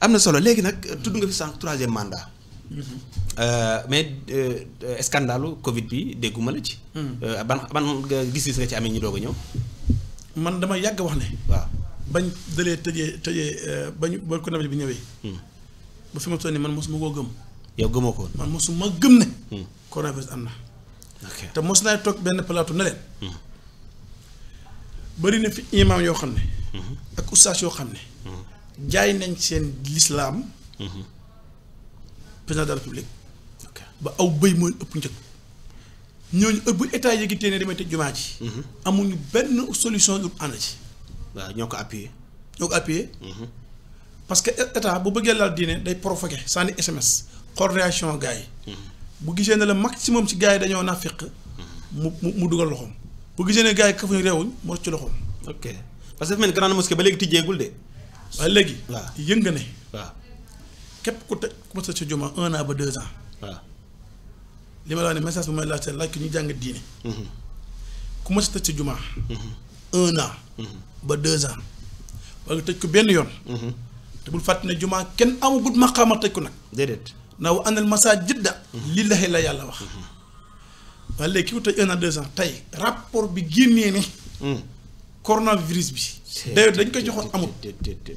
am na solo léegi nag tudd nga fi sànq troisième mandat. Mhm. Euh, mais euh, scandalu Covid bi dégguma la ci. Hmm. Euh, ban ban gis-gis nga ci amee ñu doog a ñëw. man dama yàgg wax ne. waaw bañ dalee tëjee tëjee ba ñu ba ko nawet bi ñëwee. Hmm. ba fi ma toll nii man mosuma koo gëm. yow gëmoo ko man mosuma gëm ne. Hmm. coronavirus am na. ok te mos naa toog benn plateau na leen. bëri na fi imaam yoo xam ne. ak ustaas yoo xam ne. jaay nañ seen lislaam mhm. président de la république ba aw bëy mooy ëpp njëkk ñooñu ëpp état yëgitee ne damay tëj jumaa ji mhm. amuñu benn solution lu ànd ci waaw ñoo ko appuyé ñoo ko mhm. parce que état bu bëggee laal diine day provoqué sànni sms xool réaction yi bu gisee ne la maximum ci gars yi dañoo nafiq mu mu mu dugal loxoom bu gisee ne gars yi kafuñu réewuñ moo ci loxoom ok parce que mel grande mosquée ba léegi tijjeegul de waaw léegi. waaw yëngu ne. képp ku te ku ma sa juma un an ba deux ans. waaw li ma la ne message bu may laajte laaj ko ñu jàng diine. Mhm. ku ma sa tëj sa juma. Mhm. un an. Mhm. ba deux ans. wala tëj ko benn yoon. te bul fàtte ne juma kenn amagut maqaama tëj ko nag. déedéet ndax la yàlla wax. waaye léegi ko tëj deux ans tey rapport bi génnee ne. coronavirus bi. d'ailleurs dañ ko joxoon amul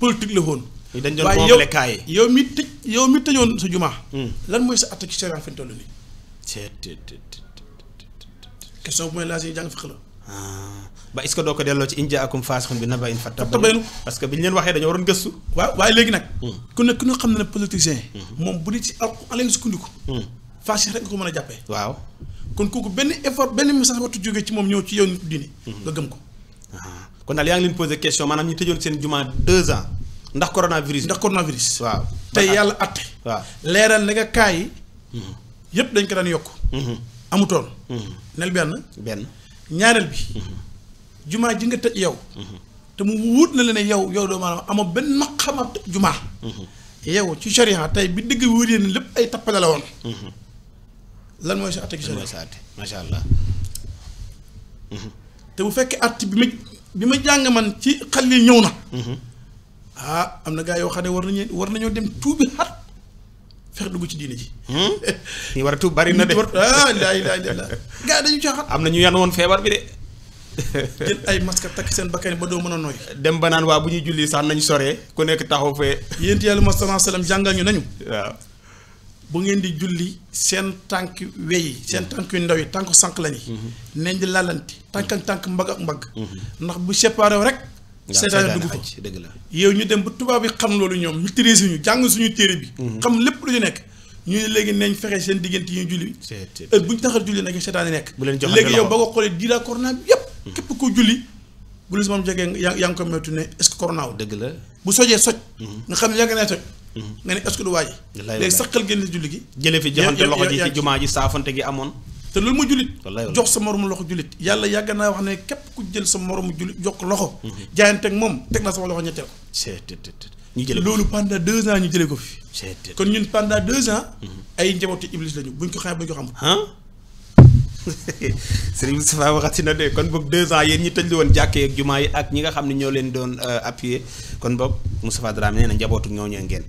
politique la woon dañ doon waaye yow yow mi tëj yow mi tëjoon sa jumaa hmm. lan mooy sa attaque céréale fi ñu toll nii question bu may laaj yi jàng fiq la ah. ba est-ce que doo ko delloo ci india akum faasixun bi naba'in fatabayyanu parce que bi ñu leen waxee dañoo waroon gëstu waaw waaye léegi nag hmm. ku ne ku ne xam ne ne politicien hmm. moom bu di ci alxuraan leen sukkandiku faasix rek nga ko mën a jàppee waaw kon kooku benn effort benn message waxtu jógee ci moom ñëw ci yow nitu diine ko ah. kon daal yaa ngi leen posé question maanaam ñu tëjoon seen jumaa deux ans ndax coronavirus. ndax coronavirus. waaw tey yàlla atte. waaw leeral na kaay kaa mhm. yëpp dañ ko daan yokk. Mhm. amutoon. Mhm. nel benn. benn ñaareel bi. jumaa ji nga tëj yow. te mu wut na la ne yow yow doomu aadama amoo benn maqaama tëj jumaa. yow ci sharia tey bi dëgg wëree lépp ay tappale la woon. lan mooy sa atte gi sharia. sa atte macha te bu fekkee atte bi mi. bi ma jàng man ci xale yi ñëw na. Mhm. ah am na gaa yoo xam ne war nañu war nañoo dem bi xat fex dugg ci diine ji. Hmm? ñu war a tuub bari na de. ah laa ilaaha illallaah gaa am na ñu yan woon feebar bi de. jël ay masque takk seen bakkan ba doo mën a nooy. dem ba naan waa bu ñuy julli sax nañu soree ku nekk taxaw fee. yéen it yàlla mos a salaam jàngal ñu nañu. bu ngeen di julli seen tànk wey yi seen mm-hmm. tànk yu ndaw yi tànk sànq lañu. Mm-hmm. nañ di lalanti tànk ak tànk mbagg ak mbagg. Mm-hmm. ndax bu séparé rek. seetaan dugg dëgg la yow ñu dem ba tubaab yi xam loolu ñoom maîtriser ñu jàng suñu téere bi. xam lépp lu ñu nekk. ñu ne léegi nañ fexe seen diggante yi ñu julli. heure bu ñu taxal julli nag nekk. bu leen joxante léegi yow ba ko xoolee dira corona bi yëpp. képp ku julli. bu moom jegee yaa ngi ko moytu ne est-ce que la bu sojee soj. nga xam ne yaa ngi Mm-hmm. nga ne est-ce que du waa ji léegi saqal ngeen ne julli gi jële fi joxante loxo ji ci jumaa ji saafante gi amoon te loolu mooy jullit jox sa moromu loxo jullit yàlla yàgg naa wax ne képp ku jël sa moromu jullit jox ko loxo mm-hmm. jaayante ak moom teg naa sama loxo ñetteel ko ñu jëlee loolu pendant deux ans ñu jëlee ko fi. kon ñun pendant deux ans. Mm-hmm. ay njabootu iblis lañu buñ ko xamee buñ ko xamul. sëriñ Moustapha waxati na de kon boobu deux ans ñi tëj li woon jàkkee ak jumaa yi ak ñi nga xam ne ñoo leen doon euh, appuyer kon boobu Moustapha Dramé nee na njabootu ñoo ñëw ngeen.